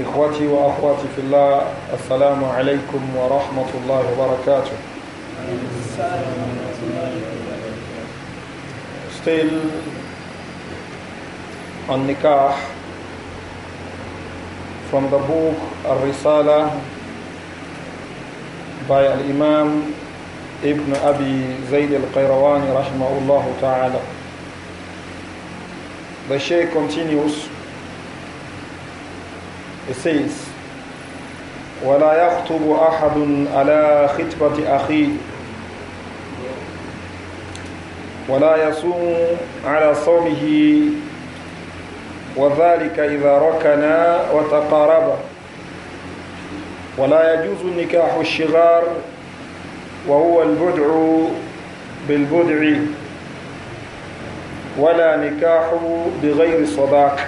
إخوتي وأخواتي في الله السلام عليكم ورحمة الله وبركاته Still on nikah from the book Al-Risala by Al-Imam Ibn Abi Zayd Al-Qayrawani رحمه الله تعالى The Shaykh continues It says, وَلَا يَخْطُبُ أَحَدٌ عَلَى خِطْبَةِ أَخِيهِ وَلَا يَصُومُ عَلَى صَوْمِهِ وذلك إذا ركنا وتقاربا ولا يجوز نكاح الشغار وهو البدع بالبدع ولا نكاح بغير صداق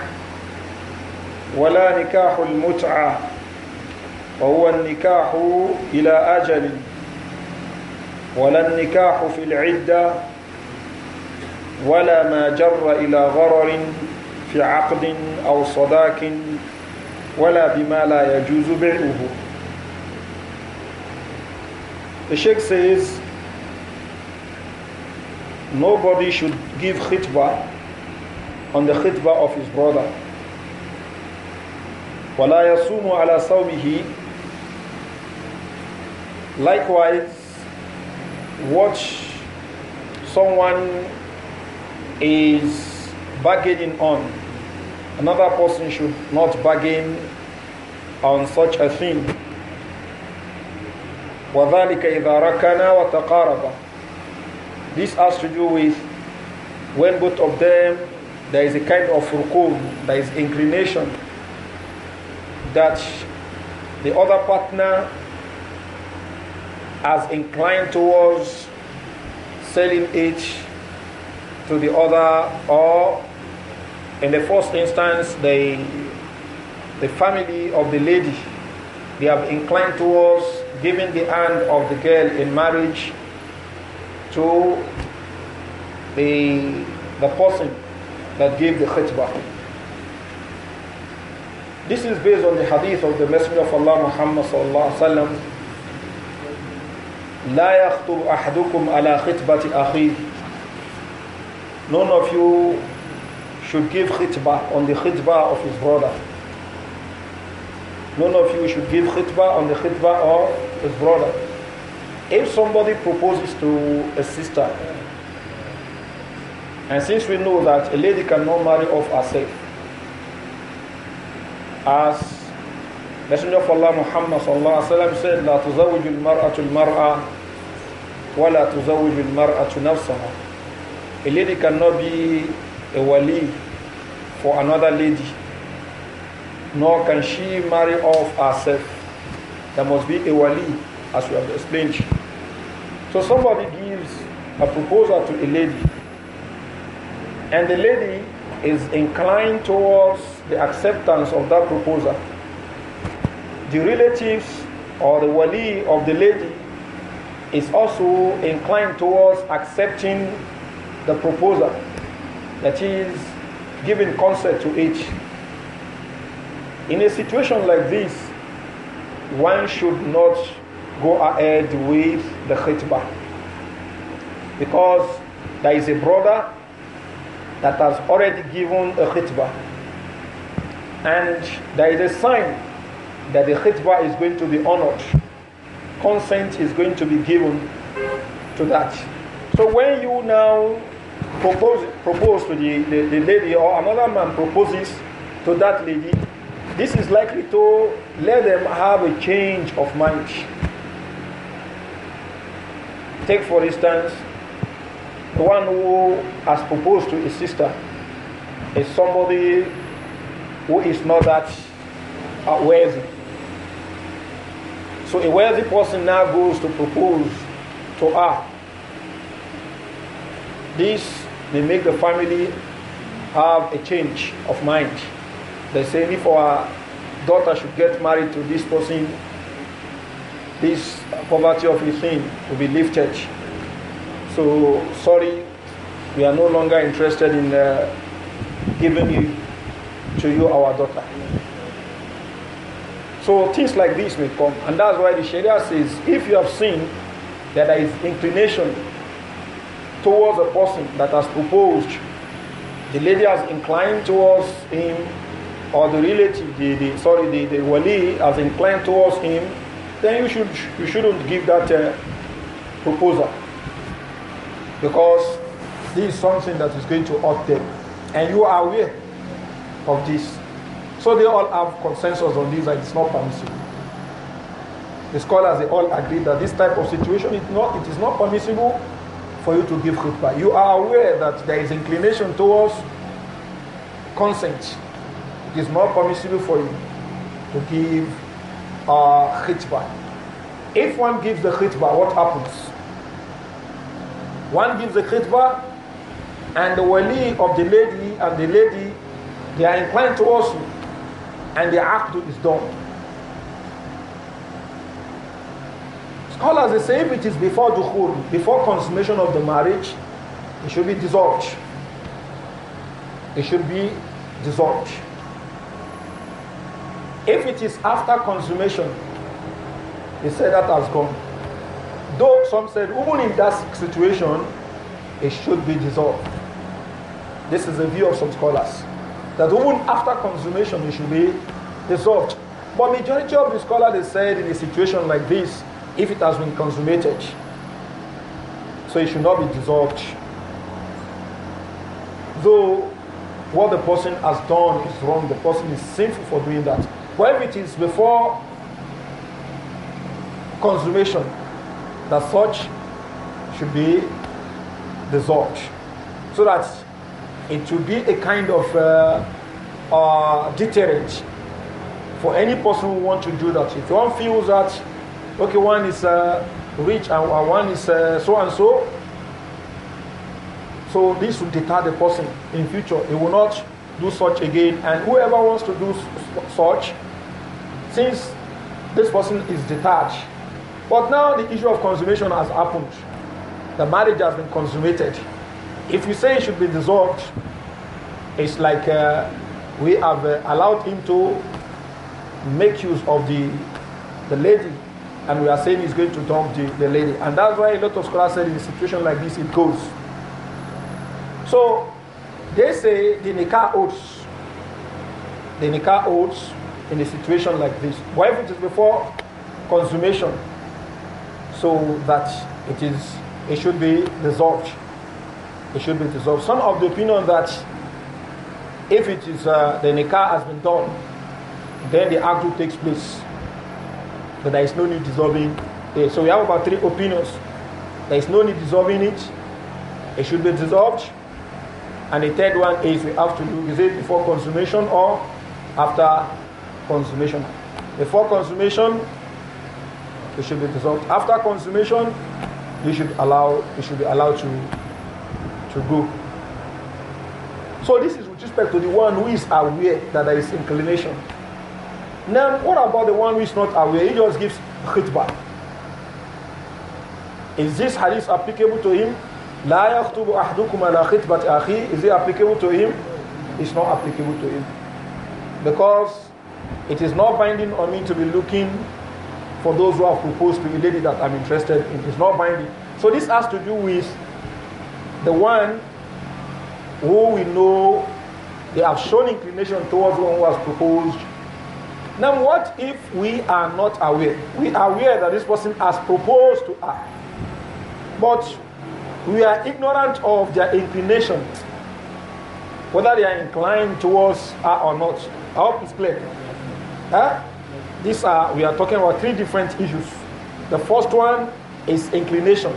ولا نكاح المتعة وهو النكاح إلى أجل ولا النكاح في العدة ولا ما جر إلى غرر في عقد أو صداك ولا بما لا يجوز بعه The Sheikh says nobody should give khitbah on the khitbah of his brother وَلَا يَصُومُ عَلَى صَوْمِهِ Likewise, watch someone is bargaining on. Another person should not bargain on such a thing. وَذَلِكَ إِذَا رَكَنَا وَتَقَارَبَا. This has to do with when both of them, there is a kind of rukum, there is inclination that the other partner has inclined towards selling it to the other or in the first instance the the family of the lady they have inclined towards giving the hand of the girl in marriage to the the person that gave the khitbah this is based on the hadith of the Messenger of Allah Muhammad sallallahu alaihi wasallam. لا يخطب أحدكم على خطبة أخيه. None of you should give khitbah on the khitbah of his brother. None of you should give khitbah on the khitbah of his brother. If somebody proposes to a sister, and since we know that a lady cannot marry off herself, as Messenger of Allah Muhammad sallallahu alaihi wasallam said, "La tuzawwiju al-mar'atu al-mar'a, wa la A lady cannot be a wali for another lady, nor can she marry off herself. There must be a wali, as we have explained. So somebody gives a proposal to a lady, and the lady is inclined towards the acceptance of that proposal. The relatives or the wali of the lady is also inclined towards accepting the proposal, that is, giving consent to it. In a situation like this, one should not go ahead with the khitbah because there is a brother that has already given a khitbah and there is a sign that the khitbah is going to be honored. Consent is going to be given to that. So when you now propose, propose to the, the, the lady or another man proposes to that lady, this is likely to let them have a change of mind. Take for instance, the one who has proposed to his sister is somebody who is not that uh, worthy. So a wealthy person now goes to propose to her. This may make the family have a change of mind. They say if our daughter should get married to this person, this poverty of his sin will be lifted. So sorry, we are no longer interested in uh, giving you to you, our daughter. So things like this may come. And that's why the Sharia says if you have seen that there is inclination towards a person that has proposed, the lady has inclined towards him, or the relative, the, the sorry, the, the wali has inclined towards him, then you should you shouldn't give that uh, proposal because this is something that is going to hurt them, and you are aware of this. So they all have consensus on this that it's not permissible. The scholars they all agree that this type of situation is not it is not permissible for you to give khutbah. You are aware that there is inclination towards consent. It is not permissible for you to give uh, khutbah. If one gives the khutbah, what happens? One gives the khutbah, and the wali of the lady and the lady they are inclined towards you, and the act is done. Scholars they say if it is before dukhul, before consummation of the marriage, it should be dissolved. It should be dissolved. If it is after consummation, they say that has gone. Though some said even in that situation, it should be dissolved. This is the view of some scholars that even after consummation it should be dissolved. But majority of the scholars they said in a situation like this, if it has been consummated, so it should not be dissolved. Though what the person has done is wrong, the person is sinful for doing that. But if it is before consummation, that such should be dissolved. So that it will be a kind of uh, uh, deterrent for any person who want to do that. If one feels that, okay, one is uh, rich and one is uh, so and so, so this will deter the person in future. He will not do such again. And whoever wants to do such, since this person is detached, but now the issue of consummation has happened. The marriage has been consummated. If you say it should be dissolved, it's like uh, we have uh, allowed him to make use of the, the lady, and we are saying he's going to dump the, the lady. And that's why a lot of scholars say in a situation like this, it goes. So they say the nikah holds. The nikah holds in a situation like this. Why if it is before consummation? So that it is it should be dissolved. It should be dissolved. Some of the opinion that if it is uh, the nikah has been done, then the act takes place. But there is no need dissolving it. So we have about three opinions. There is no need dissolving it. It should be dissolved. And the third one is we have to do is it before consummation or after consummation. Before consummation, it should be dissolved. After consummation, you should allow You should be allowed to to go. So this is with respect to the one who is aware that there is inclination. Now, what about the one who is not aware? He just gives khutbah. Is this hadith applicable to him? لا يخطب أحدكم على خطبة أخيه Is it applicable to him? It's not applicable to him. Because it is not binding on me to be looking for those who have proposed to a lady that I'm interested in. It's not binding. So this has to do with the one who we know they have shown inclination towards one who has proposed. Now, what if we are not aware? We are aware that this person has proposed to us, but we are ignorant of their inclination, whether they are inclined towards us or not. I hope it's clear. Huh? These are we are talking about three different issues. The first one is inclination.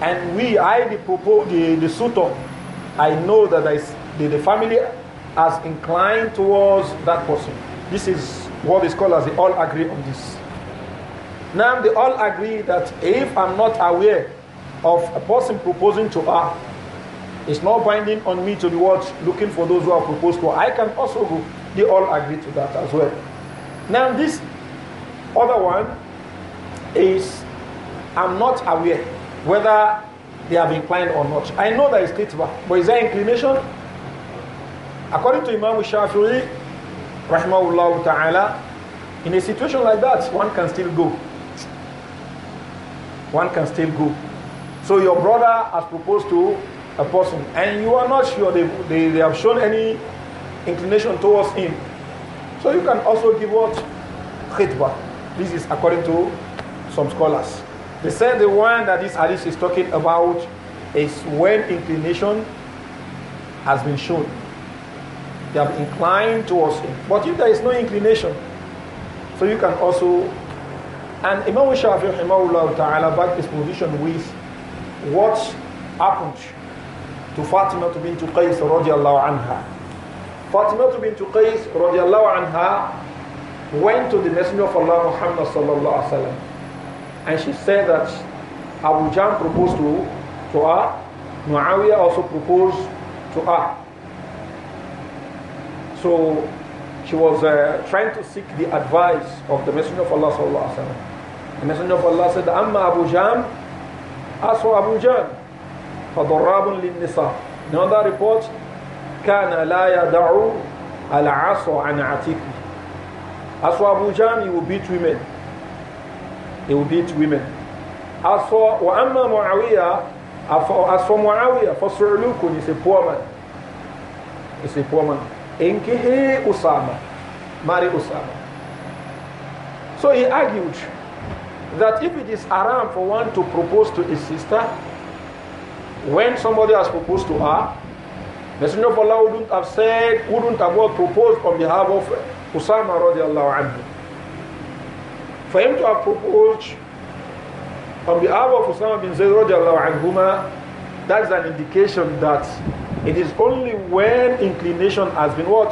And we, I, the, the, the suitor, I know that I, the, the family has inclined towards that person. This is what the scholars, they all agree on this. Now, they all agree that if I'm not aware of a person proposing to her, it's not binding on me to be watch, looking for those who are proposed to. I can also go. They all agree to that as well. Now this other one is I'm not aware whether they have inclined or not. I know that it's kitba, but is there inclination? According to Imam Shafi'i, rahimahullah ta'ala, in a situation like that, one can still go. One can still go. So your brother has proposed to a person, and you are not sure they, they, they have shown any inclination towards him. So you can also give what? Khitbah. This is according to some scholars. They said the one that this hadith is talking about is when inclination has been shown. They have inclined towards him. But if there is no inclination, so you can also. And Imam Shafi ta'ala back his position with what happened to Fatima bint Qais radiallahu anha. Fatima bint Qais radiallahu anha went to the Messenger of Allah Muhammad sallallahu wa sallam and she said that Abu Jam proposed to, to her, Muawiyah also proposed to her. So she was uh, trying to seek the advice of the Messenger of Allah. Sallallahu Alaihi Wasallam. The Messenger of Allah said, Amma Abu Jam, as for Abu Jam, فَضَرَّابٌ لِلنِّسَى In another report, la لَا يَدَعُ الْعَصَى عَنْ عَتِقِهِ As for Abu Jam, he will beat women. He will beat women. As for Wa'amma Muawiyah, as for Muawiyah, for Su'lukun, he's a poor man. He's a poor man. Inkihi Usama. Marry Usama. So he argued that if it is haram for one to propose to his sister, when somebody has proposed to her, Messenger of Allah wouldn't have said, wouldn't have proposed on behalf of Usama radiallahu anhu for him to have proposed on behalf of Usama bin Zayd that's an indication that it is only when inclination has been what?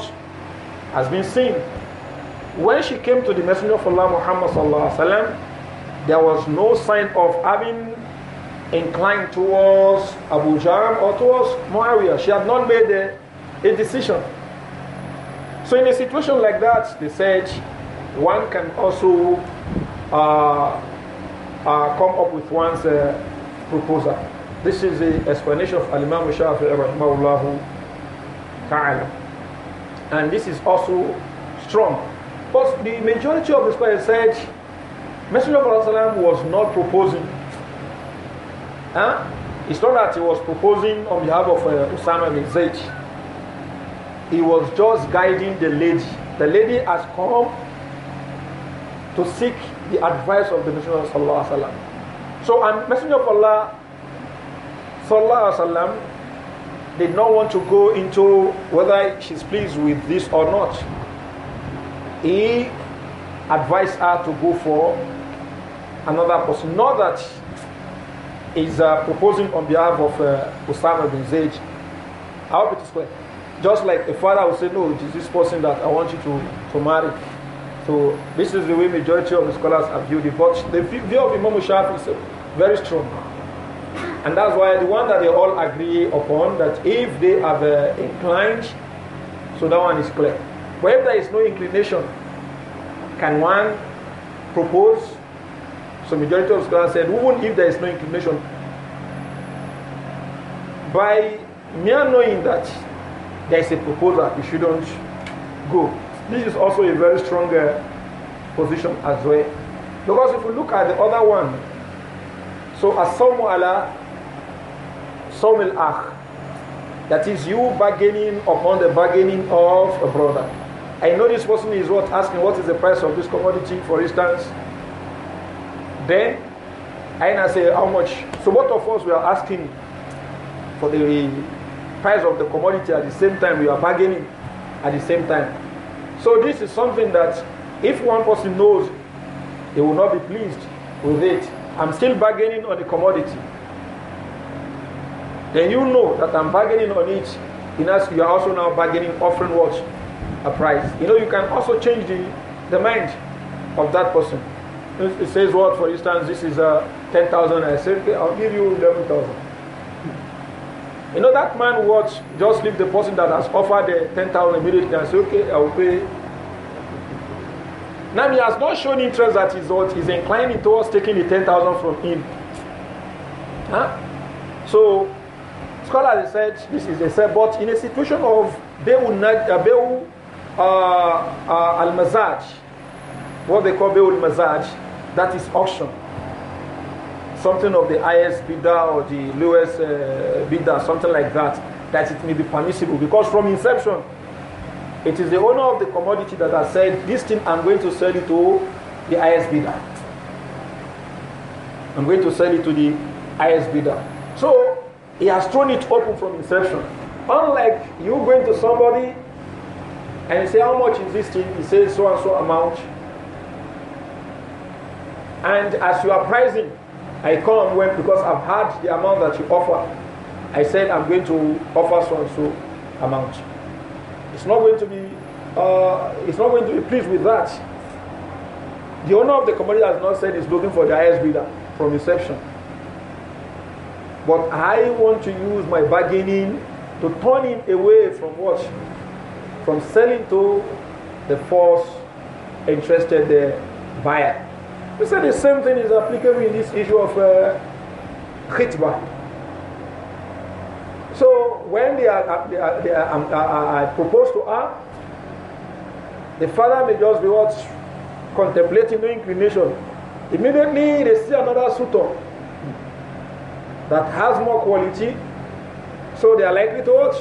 Has been seen. When she came to the Messenger of Allah Muhammad sallallahu there was no sign of having inclined towards Abu Jahl or towards Muawiyah. She had not made a, a decision. So in a situation like that, they said one can also uh, uh, come up with one's uh, proposal. This is the explanation of Al-Imam Shafi'i ta'ala. And this is also strong. But the majority of the scholars said Messenger of Allah was not proposing. Huh? It's not that he was proposing on behalf of uh, Usama bin Zayd. He was just guiding the lady. The lady has come to seek the advice of the Messenger of Allah. So, I'm Messenger of Allah wasallam) did not want to go into whether she's pleased with this or not. He advised her to go for another person. Not that he's uh, proposing on behalf of uh, Osama bin Zaid. I hope it is clear. Just like a father would say, No, it is this person that I want you to, to marry. So this is the way majority of the scholars have viewed it. But the view of Imam Shafi is very strong. And that's why the one that they all agree upon, that if they have uh, inclined, so that one is clear. But if there is no inclination, can one propose? So majority of scholars said, even if there is no inclination, by mere knowing that there is a proposal, you shouldn't go. This is also a very strong uh, position as well. Because if we look at the other one, so asomu Allah, sawmil akh, that is you bargaining upon the bargaining of a brother. I know this person is what asking what is the price of this commodity, for instance. Then I say how much. So both of us we are asking for the price of the commodity at the same time we are bargaining at the same time. So this is something that if one person knows, they will not be pleased with it. I'm still bargaining on the commodity. Then you know that I'm bargaining on it. In us, you are also now bargaining, offering what? A price. You know, you can also change the, the mind of that person. It, says what, for instance, this is a uh, 10,000. I okay, I'll give you 11,000. You know, that man would just leave the person that has offered the 10,000 immediately and say, okay, I will pay. Now he has not shown interest that is he's inclining towards taking the 10,000 from him. Huh? So, scholars said this is a set, but in a situation of Be'u uh, uh, uh, Al Mazaj, what they call Be'u Al Mazaj, that is auction something of the highest bidder or the lowest uh, bidder, something like that, that it may be permissible. Because from inception, it is the owner of the commodity that has said, this thing I'm going to sell it to the highest bidder. I'm going to sell it to the highest bidder. So he has thrown it open from inception. Unlike you going to somebody and you say, how much is this thing? He says so and so amount. And as you are pricing, I come when because I've had the amount that you offer. I said I'm going to offer so and so amount. It's not going to be uh, it's not going to be pleased with that. The owner of the commodity has not said he's looking for the highest bidder from inception. But I want to use my bargaining to turn him away from what? From selling to the false interested uh, buyer. We said the same thing is applicable in this issue of uh, So when they are, uh, they are, they are, are, um, uh, uh, proposed to her, the father may just be what contemplating no inclination. Immediately they see another suitor that has more quality, so they are likely to watch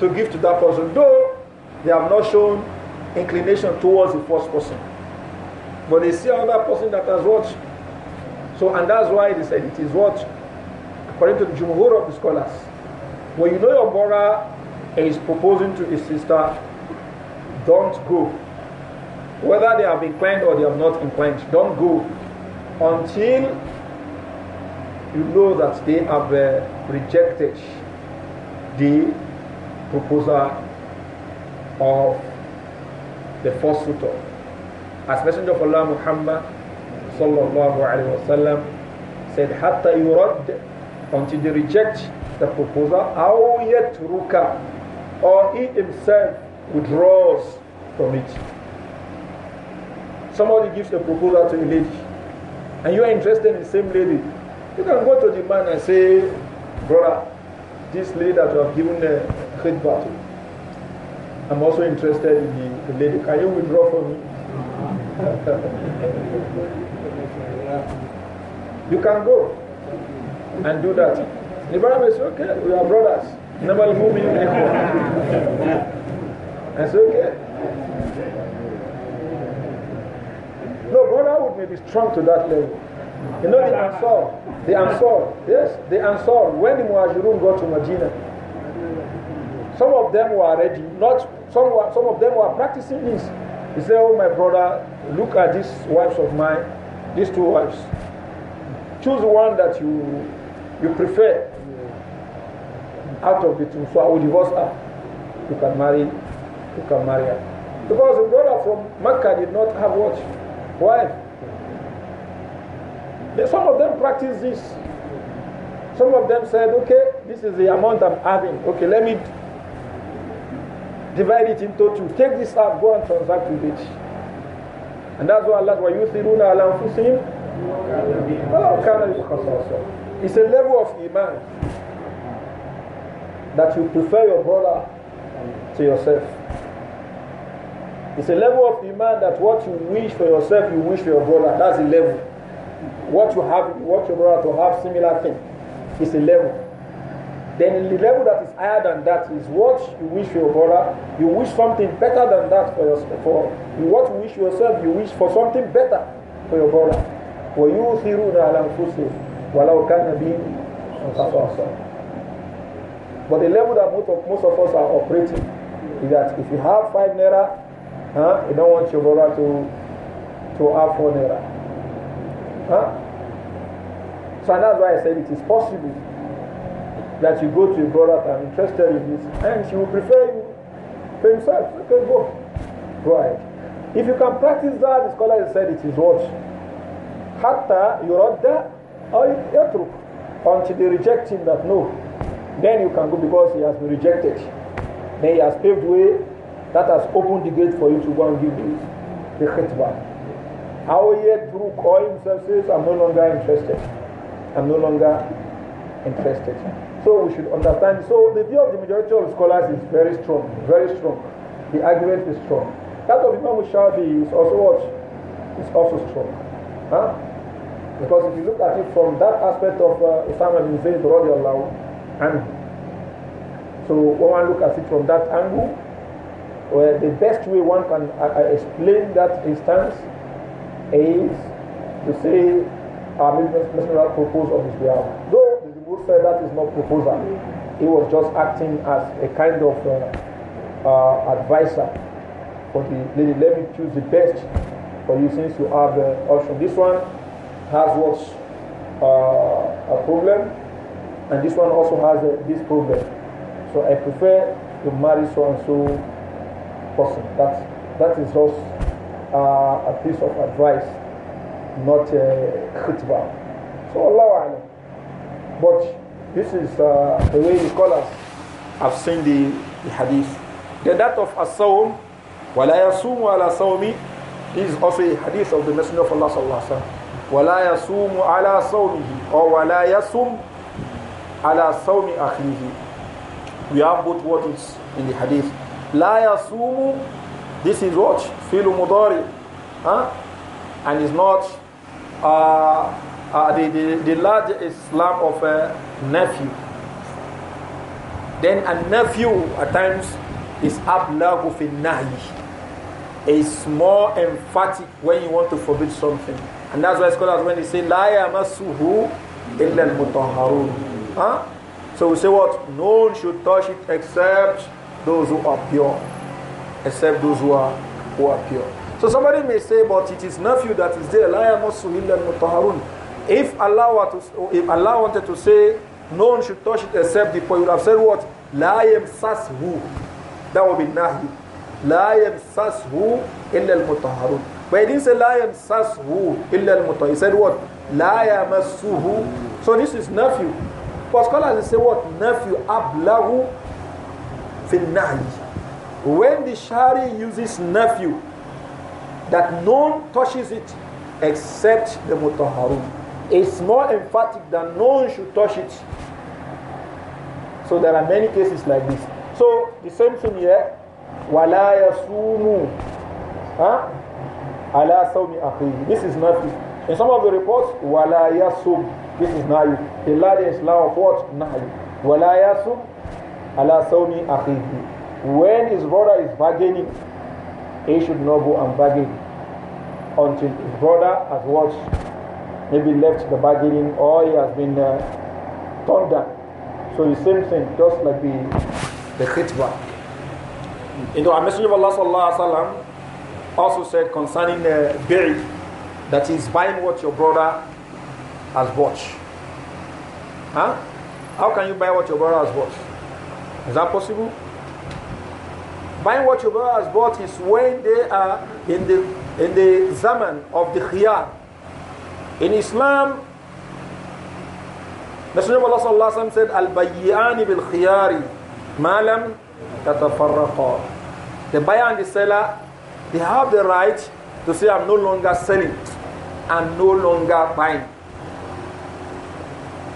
to give to that person, though they have not shown inclination towards the first person. But they see another person that has what? So, and that's why they said it is what? According to the Jumhur of the scholars. When you know your brother is proposing to his sister, don't go. Whether they have inclined or they have not inclined, don't go until you know that they have uh, rejected the proposal of the first suitor. As Messenger of Allah Muhammad sallallahu alayhi wasallam said, Hatta yurad, until they reject the proposal, aw yatruka, or he himself withdraws from it. Somebody gives a proposal to a lady, and you are interested in the same lady. You can go to the man and say, Brother, this lady that you have given a head battle, I'm also interested in the, the lady. Can you withdraw from me? you can go and do that. The brother okay, we are brothers. Never move in echo. I say, okay. No, brotherhood may be strong to that level. You know the Ansar, the Ansar, yes, the Ansar. When the Muajirun got to Medina, some of them were ready, not some, were, some of them were practicing this. He said, Oh, my brother, look at these wives of mine, these two wives. Choose one that you you prefer out of the two. So I will divorce her. You can marry, you can marry her. Because the brother from Mecca did not have what? Wife. Some of them practice this. Some of them said, okay, this is the amount I'm having. Okay, let me divide it into two. Take this up. go and transact with it. And that's why Allah, وَيُثِرُونَ عَلَى أَنفُسِهِمْ It's a level of iman that you prefer your brother to yourself. It's a level of iman that what you wish for yourself, you wish for your brother. That's a level. What you have, what your brother to have, similar thing. It's a level. Then the level that is higher than that is what you wish for your brother. You wish something better than that for yourself. For what you wish yourself, you wish for something better for your brother. وَيُؤْثِرُونَ عَلَى أَنفُسِهِمْ But the level that most of, most of us are operating is that if you have five naira, huh, you don't want your brother to, to have four naira. Huh? So that's why I said it is possible that you go to a brother I'm interested in this, and she will prefer you for himself. Okay, go. Go ahead. If you can practice that, the scholar said it is what? Hatta yuradda or yatruk. Until they reject him that no. Then you can go because he has been rejected. Then he has paved way that has opened the gate for you to go and give this the khitbah. How yet Brooke or himself says, I'm no longer interested. I'm no longer interested. So we should understand. So the view of the majority of scholars is very strong, very strong. The argument is strong. That of Imam Shafi is also what? Is also strong. Huh? Because if you look at it from that aspect of uh, Osama bin Zayd radiallahu anhu, so when one look at it from that angle, well, the best way one can uh, uh, explain that instance is to say, our uh, Messenger proposed on his behalf. Though would say that is not proposal. He was just acting as a kind of uh, uh, advisor for the lady. Let me choose the best for you since you have the uh, option. This one has what uh, a problem, and this one also has a, uh, this problem. So I prefer to marry so and so person. That that is just uh, a piece of advice, not a khutbah. So Allah but this is uh, the way the scholars have seen the, the hadith. The that of As-Sawm, وَلَا يَصُومُ عَلَى صَوْمِ is of a hadith of the Messenger of Allah sallallahu alaihi wasallam. وَلَا يَصُومُ عَلَى صَوْمِهِ or وَلَا يَصُومُ عَلَى صَوْمِ أَخِيهِ We have both words in the hadith. لَا يَصُومُ This is what? فِيلُ مُضَارِ huh? And is not uh, uh, the, the, the large Islam of a nephew. Then a nephew at times is ablagu fi nahi. It's more emphatic when you want to forbid something. And that's why scholars when they say la yamassuhu illa al-mutahharun. Huh? So we say what? No one should touch it except those who are pure. Except those who are who are pure. So somebody may say, but it is nephew that is there. La yamassuhu illa al-mutahharun. If Allah, to, if Allah wanted to say, no one should touch it except the poor, would have said what? La yamsashu. That would be nahi. La yamsashu illa al-mutahharun. But he didn't say la yamsashu illa al He said what? La yamassuhu. So this is nephew. But scholars say what? Nephew ablahu fil nahi. When the Shari uses nephew, that no one touches it except the mutahharun. It's more emphatic than no one should touch it. So there are many cases like this. So the same thing here. وَلَا يَصُومُ huh? عَلَى This is not In some of the reports, وَلَا يَصُومُ This is not The The is law of what? نَحْيُ وَلَا يَصُومُ عَلَى صَوْمِ When his brother is bargaining, he should not go and bargain until his brother has watched maybe left the bargaining or he has been uh, torn down. So the same thing, just like the the khitbah. You know, our Messenger of Allah sallallahu alaihi wasallam also said concerning uh, buried that is buying what your brother has bought. Huh? How can you buy what your brother has bought? Is that possible? Buying what your brother has bought is when they are in the in the zaman of the khiyar, in Islam, Messenger of Allah sallallahu said, Al-bayyani bil khiyari, malam yatafarraqa. The buyer and the seller, they have the right to say, I'm no longer selling and no longer buying.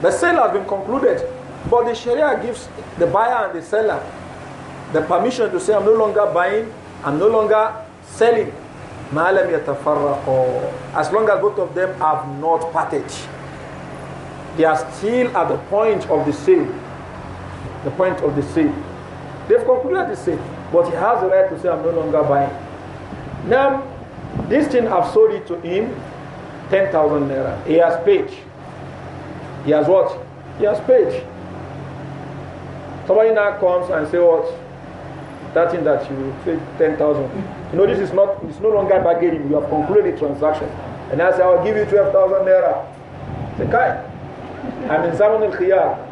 The sale has been concluded, but the Sharia gives the buyer and the seller the permission to say, I'm no longer buying, I'm no longer selling. Malam As long as both of them have not parted, they are still at the point of the sale. The point of the sale. They've concluded the sale, but he has the right to say, I'm no longer buying. Now, this thing I've sold it to him, 10,000 naira. He has paid. He has what? He has paid. Somebody now comes and say what? That thing that you paid 10,000. You know, this is not, it's no longer bargaining. You have concluded the transaction. And I said, I'll give you 12,000 naira. Say, Kai, I'm in Zaman al Khiyar.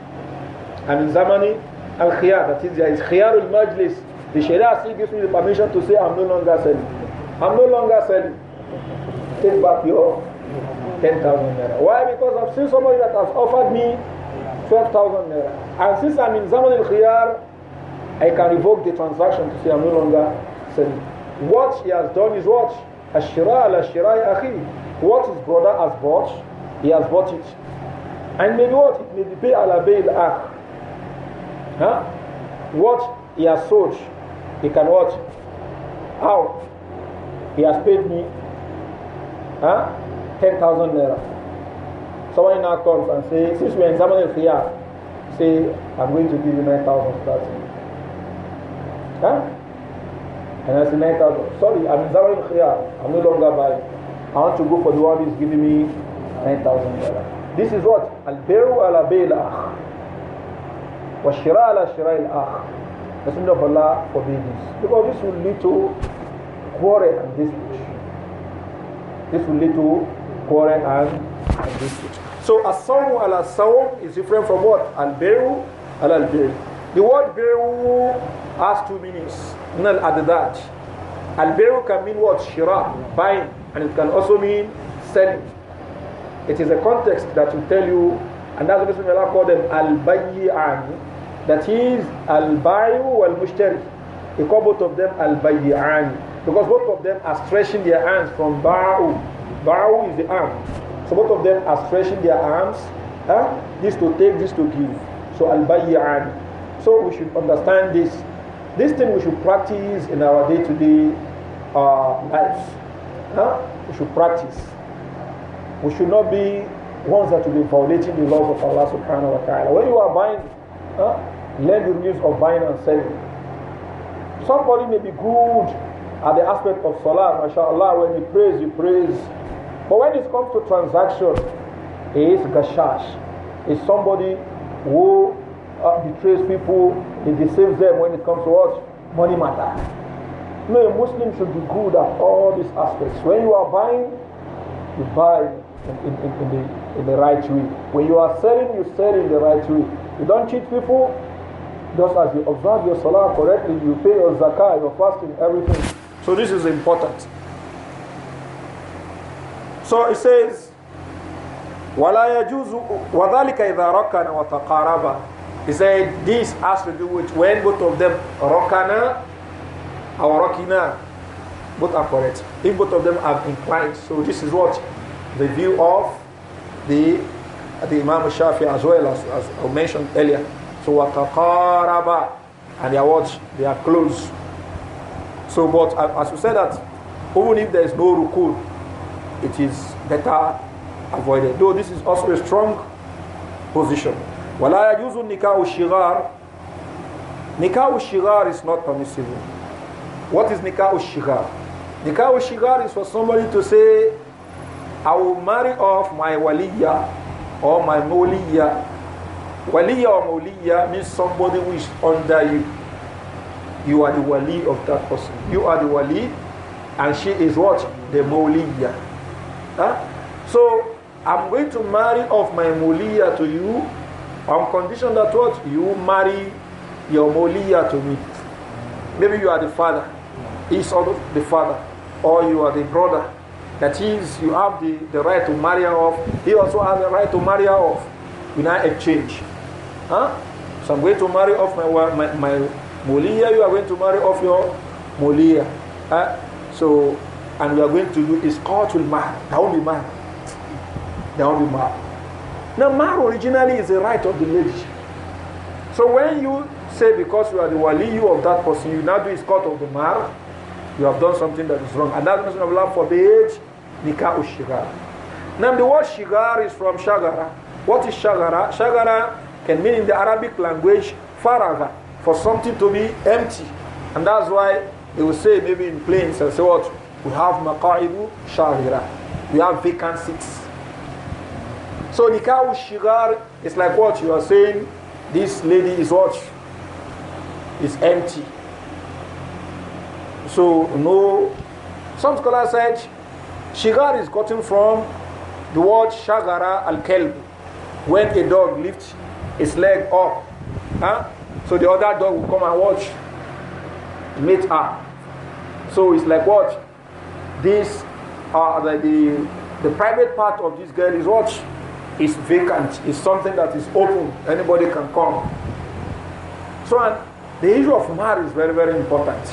I'm in Zamani al Khiyar. That is, there is Khiyar al Majlis. The Sharia still gives me the permission to say, I'm no longer selling. I'm no longer selling. Take back your 10,000 naira. Why? Because I've seen somebody that has offered me 12,000 naira. And since I'm in Zaman al Khiyar, I can revoke the transaction to say, I'm no longer selling. What he has done is what? Ashira al Ashirai Akhi. What his brother has bought, he has bought it. And maybe what? It may be pay al Abayil Akh. Huh? What he has sold, he can what? Out. He has paid me huh? 10,000 naira. Someone now comes and says, since we're in here, say, I'm going to give you 9,000 Huh? And I said, 9,000. Sorry, I'm in Zawain Khiyar. I'm no longer buying. I want to go for the one who's giving me 9,000. This is what? Al-Beru ala bayl akh. Wa shira ala shira al akh. The Sunnah of Allah forbids this. Because this will lead to quarrel and dispute. This will lead to quarrel and, and dispute. So asawu ala sawm is different from what? Al-Beru ala al-Beru. The word Beru has two meanings. من الأدداد البيع can mean what شراء buying and it can also mean selling it is a context that will tell you and that's what Allah called them al-bayyi'an that is al-bayyu wal-mushtari he called both of them al-bayyi'an because both of them are stretching their hands from ba'u ba'u is the arm so both of them are stretching their arms huh? this to take this to give so al-bayyi'an so we should understand this this thing we should practice in our day to day uh, Huh? We should practice. We should not be ones that will be violating the laws of Allah subhanahu wa ta'ala. When you are buying, huh? learn the rules of buying and selling. Somebody may be good at the aspect of salah, mashallah, when he prays, he prays. But when it comes to transaction, he is gashash. Is somebody who uh, ah, betrays people, he deceives them when it comes to what? Money matter. No, a Muslim should be good at all these aspects. When you are buying, you buy in, in, in, in, the, in the right way. When you are selling, you sell in the right way. You don't cheat people. Just as you observe your salah correctly, you pay your zakah, your fasting, everything. So this is important. So it says, ولا يجوز وذلك إذا ركن وتقاربا he said this has to do with when both of them rakana or rakina, both are correct. If both of them are inclined, so this is what the view of the the Imam Shafi as well as, as I mentioned earlier. So what wataqaraba and their watch they are close. So but uh, as we said that even if there is no rukun, it is better avoided. Though this is also a strong position. ولا use نكاح الشغار نكاح الشغار is not permissible what is نكاح الشغار نكاح الشغار is for somebody to say I will marry off my waliya or my moliya waliya or moliya means somebody who is under you you are the wali of that person you are the wali and she is what the moliya huh? so I'm going to marry off my moliya to you on condition that what? You marry your moliya to me. Maybe you are the father. He's also the father. Or you are the brother. That is, you have the, the right to marry her off. He also has the right to marry her off. We now exchange. Huh? So I'm going to marry off my, my, my Moliya, you are going to marry off your Moliya. Huh? So, and we are going to do is called to marry. That will be mine. That will be mine. Now, mar originally is a right of the lady. So when you say because you are the waliyu of that person, you now do is cut of the mar, you have done something that is wrong. And that person of love forbids nikah shigar. Now the word shigar is from shagara. What is shagara? Shagara can mean in the Arabic language faraga, for something to be empty. And that's why they will say maybe in plains and say what? We have maqa'idu shagira. We have vacant seats. So nikau shigar is like what you are saying. This lady is what is empty. So no. Some scholars said shigar is gotten from the word shagara al kelb, when a dog lifts its leg up. Huh? So the other dog will come and watch, meet her. So it's like what this, uh, the, the the private part of this girl is what is vacant, is something that is open, anybody can come. So and the issue of marriage is very, very important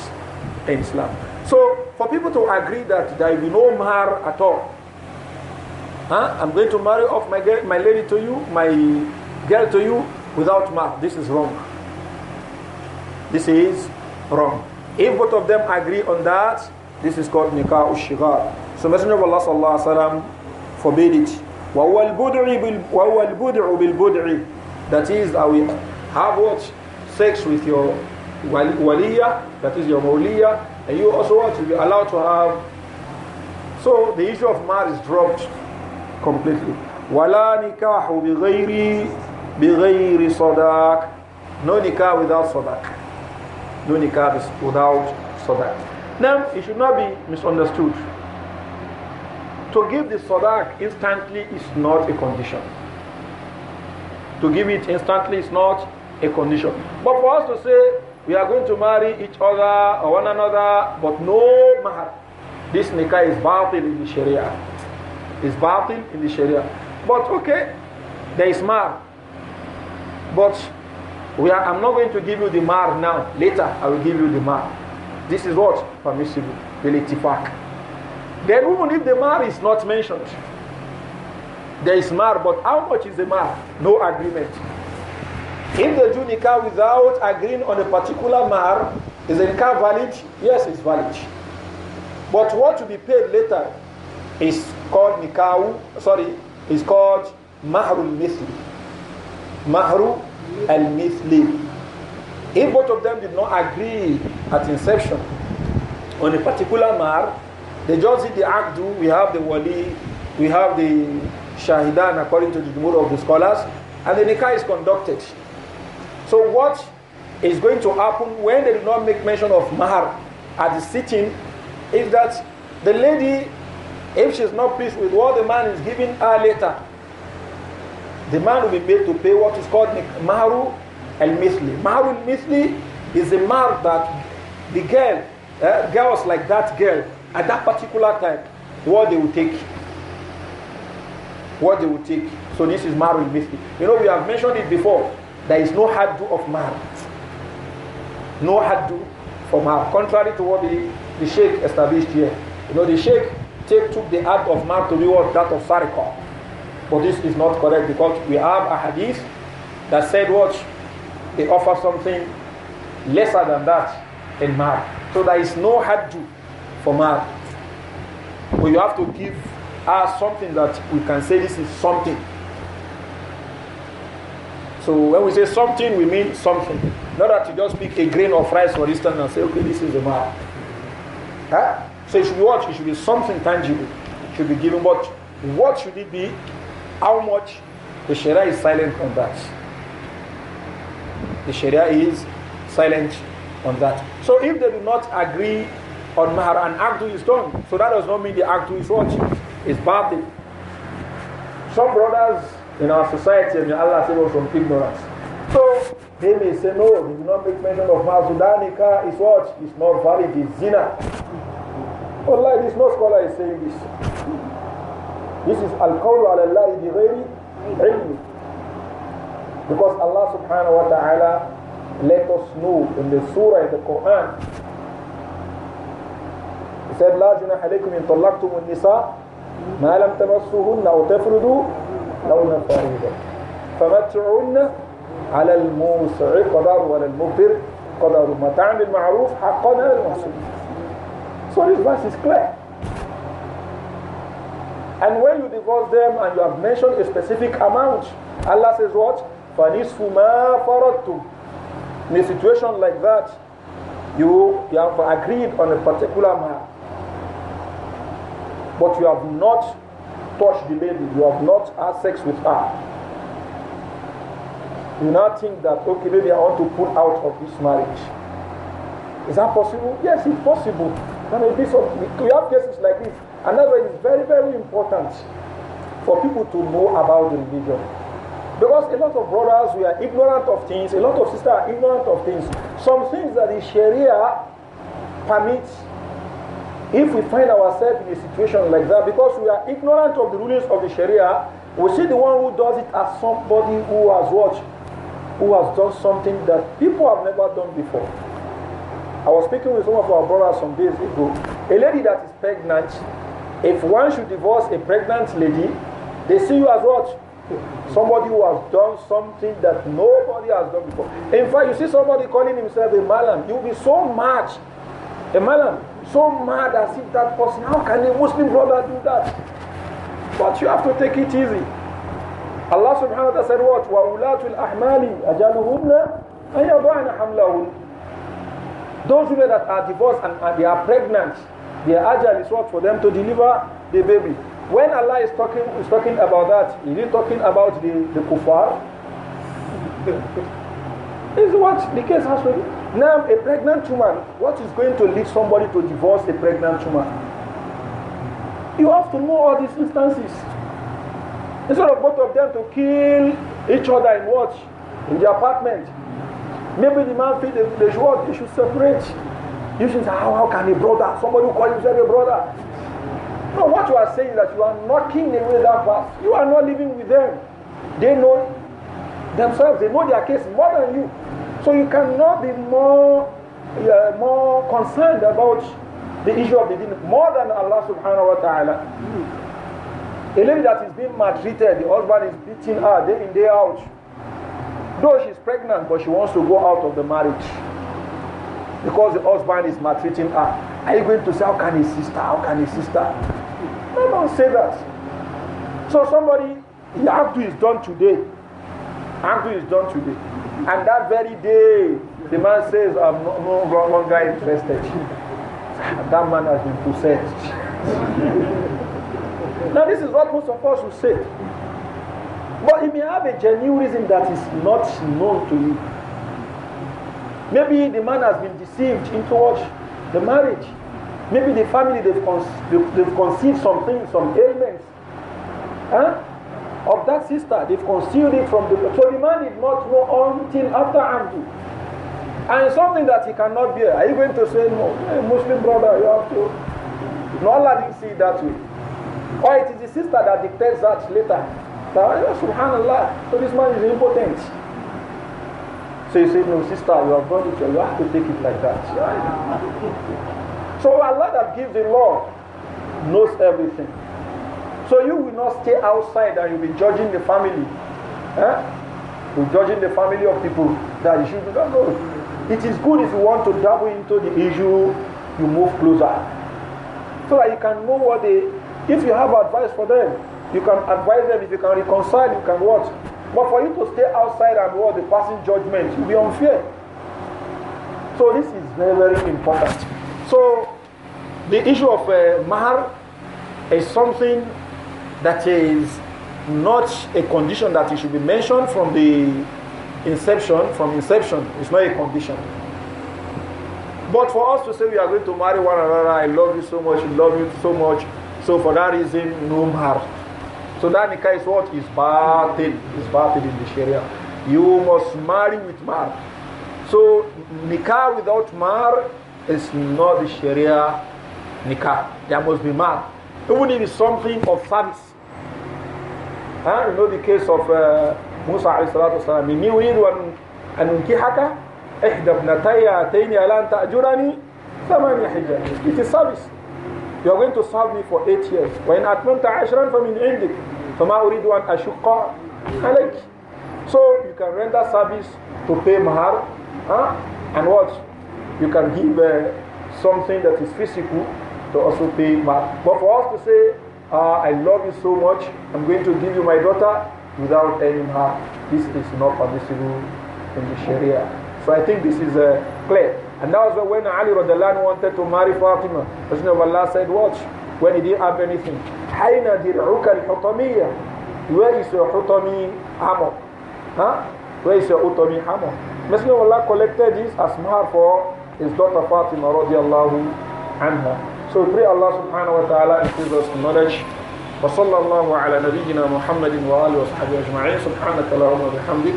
in Islam. So for people to agree that there will be no mar at all, huh? I'm going to marry off my girl, my lady to you, my girl to you without mar. This is wrong. This is wrong. If both of them agree on that, this is called nikah ush So Messenger of Allah sallallahu alaihi wasallam forbade it. That is, I will have what? Sex with your waliya, that is your mawliya, and you also want to be allowed to have. So the issue of marriage dropped completely. وَلَا نِكَاحُ بِغَيْرِ بِغَيْرِ sodak. No nikah without sadaq. No nikah without sadaq. Now, it should not be misunderstood to give the sadaq instantly is not a condition. To give it instantly is not a condition. But for us to say we are going to marry each other or one another, but no mahar, this nikah is batil in the Sharia. It's batil in the Sharia. But okay, there is mahar. But we are, I'm not going to give you the mahar now. Later, I will give you the mahar. This is what? Permissible. Relatifak. Then even if the mar is not mentioned, there is mar, but how much is the mar? No agreement. If the do nikah without agreeing on a particular mar, is the nikah valid? Yes, it's valid. But what to be paid later is called nikau. sorry, is called al mithli. Mahru al-mithli. If both of them did not agree at inception on a particular mar, they just did the Akdu, we have the Wali, we have the Shahidan according to the Jumur of the scholars, and the Nikah is conducted. So what is going to happen when they do not make mention of Mahar at the sitting is that the lady, if she is not pleased with what the man is giving her later, the man will be made to pay what is called Maharu al misli. Maharu al misli is a mark that the girl, uh, girls like that girl, at that particular time what they will take. What they will take. So this is marriage basically. You know, we have mentioned it before. There is no haddu of marriage, No haddu for her, Contrary to what the, the sheikh established here. You know, the sheikh take, took the act of marriage to be what that of farikah, But this is not correct because we have a hadith that said "Watch, They offer something lesser than that in marriage, So there is no haddu for mark. But you have to give us something that we can say this is something. So when we say something, we mean something. Not that you just pick a grain of rice, for instance, and say, okay, this is a mark. Huh? So it should be what? It should be something tangible. It should be given. But what should it be? How much? The Sharia is silent on that. The Sharia is silent on that. So if they do not agree on mahar and akdu is done. So that does not mean the akdu is what? It's batil. Some brothers in our society, may Allah save us from ignorance. So they may say, no, they do not make mention of Mazudanika, it's what? It's not valid, it's zina. Allah, this no scholar is saying this. This is al-qawlu ala Allah ghayri Because Allah subhanahu wa ta'ala let us know in the surah, in the Quran, He لا جناح عليكم إن طلقتم النساء ما لم تمسوهن أو تفردوا لهن فريضة فمتعن على الموسع قدر ولا المقدر قدر متاع بالمعروف حقا على المحسن. So this verse is clear. And when you divorce them and you have mentioned a specific amount, Allah says what? فَنِصْفُ مَا فَرَضْتُمْ In a situation like that, you, you have agreed on a particular amount. but you have not touched the lady, you have not had sex with her. You now think that, okay, maybe I want to pull out of this marriage. Is that possible? Yes, it's possible. That may be some, we have cases like this. And that's why it's very, very important for people to know about the religion. Because a lot of brothers, we are ignorant of things. A lot of sisters are ignorant of things. Some things that the Sharia permits if we find ourselves in a situation like that, because we are ignorant of the rulings of the Sharia, we see the one who does it as somebody who has what? Who has done something that people have never done before. I was speaking with some of our brothers some days ago. A lady that is pregnant, if one should divorce a pregnant lady, they see you as what? Somebody who has done something that nobody has done before. In fact, you see somebody calling himself a malam, you'll be so much a malam so mad as if that person, how can a Muslim brother do that? But you have to take it easy. Allah subhanahu wa ta'ala said what? وَأُولَاتُ الْأَحْمَالِ أَجَلُهُنَّ أَنْ يَضَعْنَ حَمْلَهُنَّ Those women that are divorced and, they are pregnant, their ajal is what? For them to deliver the baby. When Allah is talking, is talking about that, is he talking about the, the kufar. is what the case has to be. Now, a pregnant woman, what is going to lead somebody to divorce a pregnant woman? You have to know all these instances. Instead of both of them to kill each other in what? In the apartment. Maybe the man feels the, the should, they should separate. You should say, how, how can a brother, somebody who calls himself a brother? No, what you are saying is that you are knocking away that past. You are not living with them. They know themselves, they know their case more than you. So you cannot be more, uh, more concerned about the issue of the deen more than Allah subhanahu wa ta'ala. A lady that is being maltreated, the husband is beating her day in, day out. Though she's pregnant, but she wants to go out of the marriage because the husband is maltreating her. Are you going to say, How can his sister? How can his sister? No, don't say that. So somebody, the act is done today. Act is done today. And that very day, the man says, I'm no, no longer interested. that man has been possessed. now, this is what most of us will say. But he may have a genuine reason that is not known to you. Maybe the man has been deceived into watch The marriage. Maybe the family, they've, con they've, they've conceived something, some ailments. Huh? of that sister. They've concealed it from the. So the man did not know until after Amdu. And something that he cannot bear. Are you going to say, no, hey, Muslim brother, you have to. No, Allah didn't see it that way. Or it is the sister that dictates that later. So oh, subhanallah. So this man is impotent. So you say, no, sister, you have done it. You have to take it like that. so Allah that gives the law knows everything. So you will not stay outside and you'll be judging the family. Eh? You're judging the family of people that you should not go. It is good if you want to dabble into the issue, you move closer. So that you can know what they, if you have advice for them, you can advise them, if you can reconcile, you can what? But for you to stay outside and what the passing judgment, you'll be unfair. So this is very, very important. So the issue of uh, mahar is something that is not a condition that it should be mentioned from the inception. From inception, it's not a condition. But for us to say we are going to marry one another, I love you so much, I love you so much, so for that reason, no marriage. So that nikah is what is batil. Is batil in the Sharia. You must marry with mar. So nikah without mar is not the Sharia nikah. There must be mar. Even if it's something of service, ها You know the case of uh, Musa alayhi salatu wasalam. Inni uridu أن anunkihaka إحدى ابنتي atayni ala أن تأجرني ثمانية hijab. It is service. You are going to serve me for eight years. وإن أتممت عشرا فمن عندك فما أريد أن أشق عليك. So you can render service to pay mahar huh? and what? You can give uh, something that is physical to also pay mahar. But for us to say Ah, I love you so much, I'm going to give you my daughter without telling her this is not permissible in the Sharia. So I think this is uh, clear. And that was when Ali Radalan wanted to marry Fatima. Messenger of Allah said, watch, when he didn't have anything. Haina dir'uka al-hutamiyya. Where is your hutami hammer? Huh? Where is your hutami hammer? Messenger of Allah collected this as mahar for his daughter Fatima radiallahu anha. So pray Allah subhanahu wa ta'ala increase us in knowledge. وصلى الله على نبينا محمد وآله وصحبه أجمعين سبحانك اللهم وبحمدك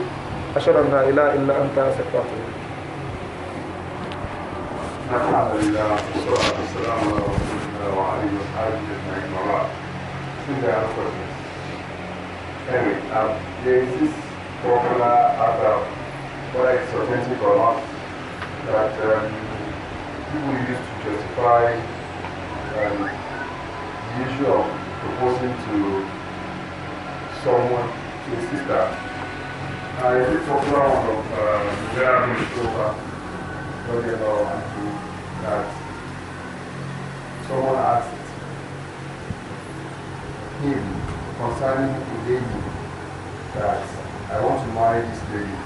أشهد أن لا إله إلا أنت أستغفرك الحمد لله والصلاة والسلام على رسول الله وعلى وصحبه أجمعين وبعد بسم الله الرحمن الرحيم Anyway, um, there is this formula about what is authentic or not that um, people use to justify um, the issue of proposing to someone, to a sister. I did a popular one of Nigerian uh, Christopher, about and who, that someone asked him concerning a lady that I want to marry this lady.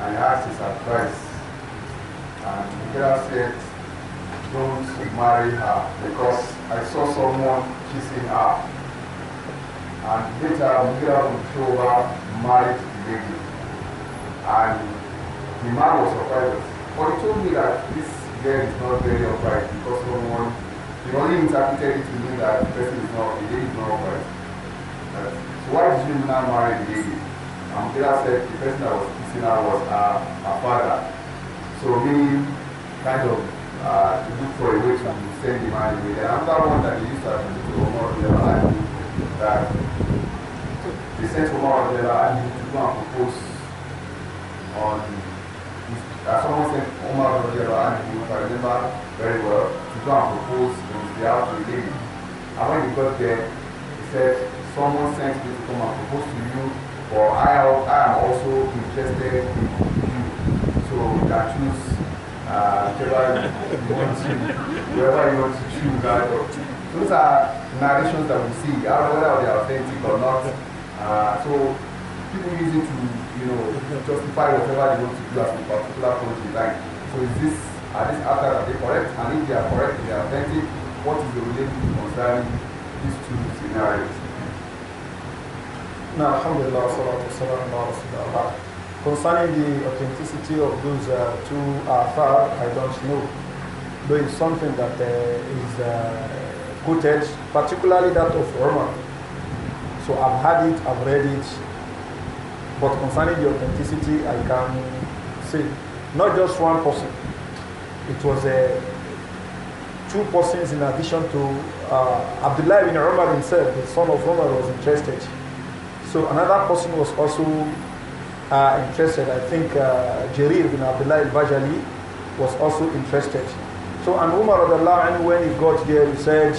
And he asked his advice. And Nikita said, don't marry her because I saw someone kissing her. And later, Mugira Mutrova married the lady. And the man was surprised. But he told me that this girl is not very upright because someone, he only interpreted it to me that the person is not, the lady is not upright. so why did you not marry the lady? And Mugira said the person that was kissing her was her, her father. So meaning kind of uh, to look for a way to send the money away. And another one that they used to happen to Omar Abdullah that they sent Omar Abdullah to go and propose on his, someone sent Omar Abdullah if I remember very well, to go and propose on behalf to the lady. And when he got there, he said, someone sent me to come and propose to you, or I, I am also interested in you. So you choose wherever you want to, wherever you want to choose that. Those are narrations that we see. I don't know whether they're authentic or not. Uh, so people using to, you know, justify whatever they want to do as a particular point in time. So is this, are these actors, are they correct? And if they are correct, they are authentic, what is the relationship concerning these two scenarios? Now, alhamdulillah, salatu wasalam, Concerning the authenticity of those uh, two afar, I don't know. but it's something that uh, is uh, quoted, particularly that of Roman. So I've had it, I've read it. But concerning the authenticity, I can say, not just one person. It was uh, two persons in addition to uh, Abdullah bin Umar himself, the son of Umar, was interested. So another person was also are interested. I think uh, Jarir bin Abdullah al-Bajali was also interested. So and Umar anhu, when he got there, he said,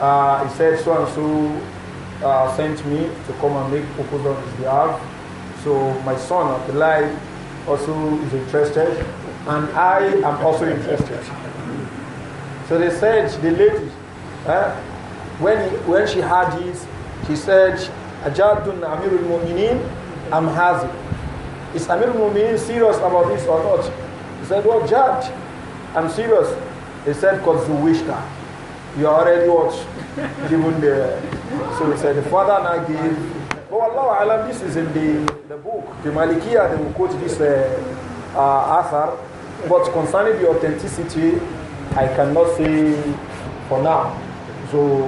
uh, he said so and so uh, sent me to come and make proposal on his behalf. So my son Abdullah also is interested, and I am also interested. So they said the lady, eh, when he, when she had this, she said, "Ajadun Amirul Mu'minin, I'm Hazim." Is Amir Mumin serious about this or not? He said, Well, judge, I'm serious. He said, Because you wish that. You already watch Given the. So he said, The father now gave. But Allah Alam, this is in the, the book. The Malikiya, they will quote this uh, uh, author. But concerning the authenticity, I cannot say for now. So,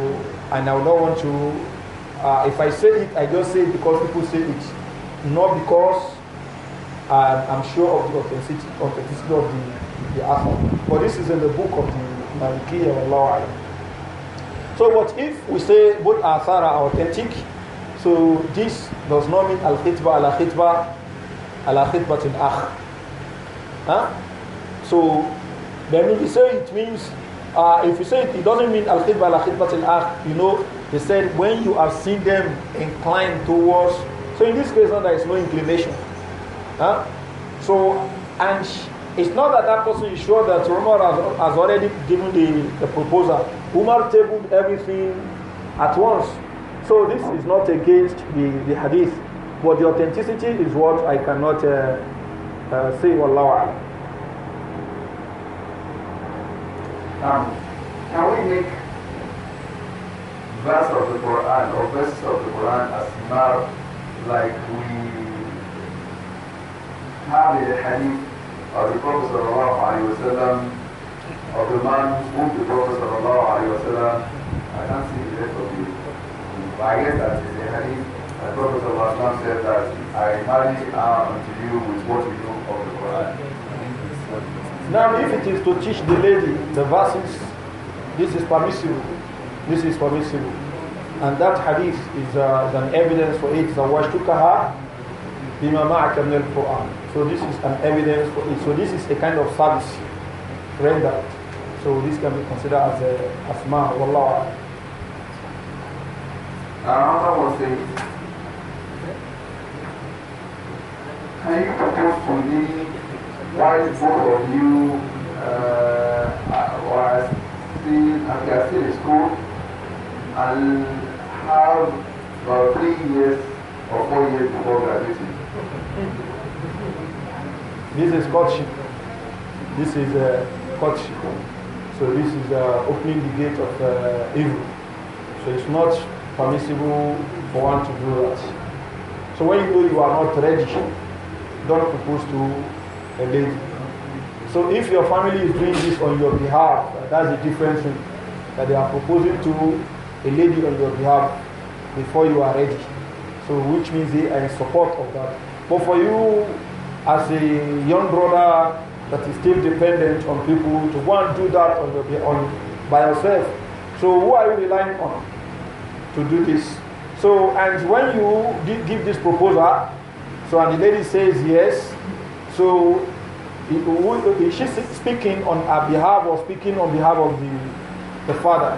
and I do not want to. Uh, if I say it, I just say it because people say it, not because and I'm sure of the authenticity, authenticity of the, the author. But this is in the book of the Malikiya law. So, what if we say both Athar are authentic, so this does not mean al khitba Al khitba ala tin akh. Huh? So, then if you say it means, uh, if you say it, it doesn't mean al khitba ala tin akh, you know, they said when you have seen them inclined towards. So, in this case, now there is no inclination. Huh? So, and it's not that that person is sure that Umar has, has already given the, the proposal. Umar tabled everything at once. So this is not against the, the hadith, but the authenticity is what I cannot uh, uh, say. Wallahu alam. Um, can we make verse of the Quran or verses of the Quran as mar like we have a hadith of the Prophet وسلم, of the man who the Prophet وسلم, I can't see the rest of you. But I guess that is a hadith. The Prophet وسلم, said that I hardly am to you with what you know of the Quran. Now, if it is to teach the lady the verses, this is permissible. This is permissible. And that hadith is, uh, is an evidence for it. بما معك من القرآن so this is an evidence for it so this is a kind of service rendered so this can be considered as a asma wallah another one says can you propose to me why both of you uh, are still and they are still in school and have about three years or four years before graduating this is courtship. This is uh, courtship. So this is uh, opening the gate of uh, evil. So it's not permissible for one to do that. So when you know you are not ready, don't propose to a lady. So if your family is doing this on your behalf, that's the difference that they are proposing to a lady on your behalf before you are ready. So which means they are in support of that. But for you, as a young brother that is still dependent on people to go and do that on, your, on by yourself, so who are you relying on to do this? So, and when you give this proposal, so and the lady says yes, so she's speaking on her behalf or speaking on behalf of the, the father?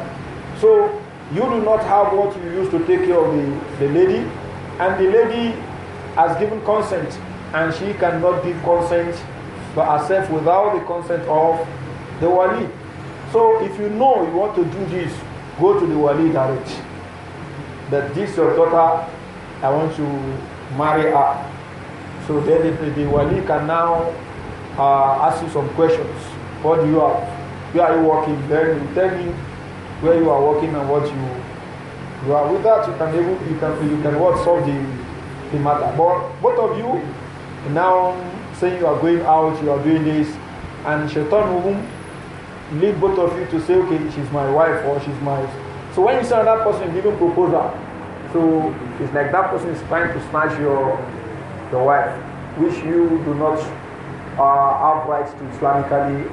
So you do not have what you use to take care of the, the lady, and the lady has given consent and she cannot give consent for herself without the consent of the wali. So if you know you want to do this, go to the wali direct. That this your daughter, I want to marry her. So then the, the wali can now uh, ask you some questions. What do you have? Where are you working? Then you tell me where you are working and what you you are. With that, you can able, you can you can what solve the the matter. But both of you now saying you are going out, you are doing this, and shaitan will lead both of you to say, okay, she's my wife or she's my. So when you see another person giving proposal, so it's like that person is trying to snatch your your wife, which you do not uh, have rights to Islamically.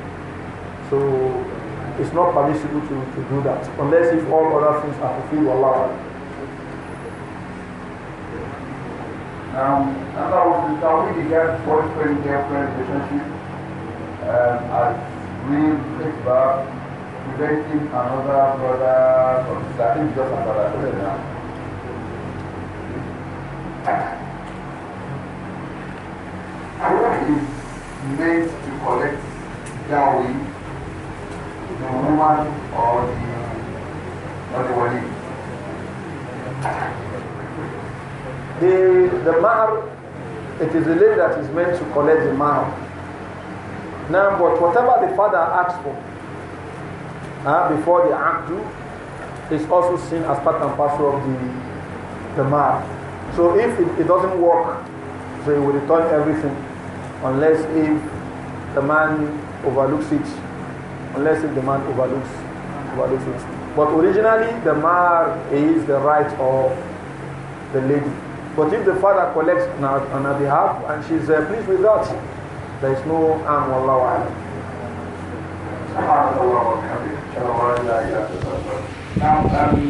So it's not permissible to, to do that unless if all other things are fulfilled. Now, number of sister, we regard boyfriend girlfriend relationship um, as real back preventing another brother from sister. just another brother now. What is meant to collect dowry, the woman or the, or the wali? The, the mahr, it is the lady that is meant to collect the mahr. Now, but whatever the father asks for uh, before the akdu is also seen as part and parcel of the, the mahr. So if it, it doesn't work, so he will return everything unless if the man overlooks it. Unless if the man overlooks, overlooks it. But originally, the mar is the right of the lady. But if the father collects on her, on her behalf and she's uh, pleased with that, there is no harm, wallahu alam.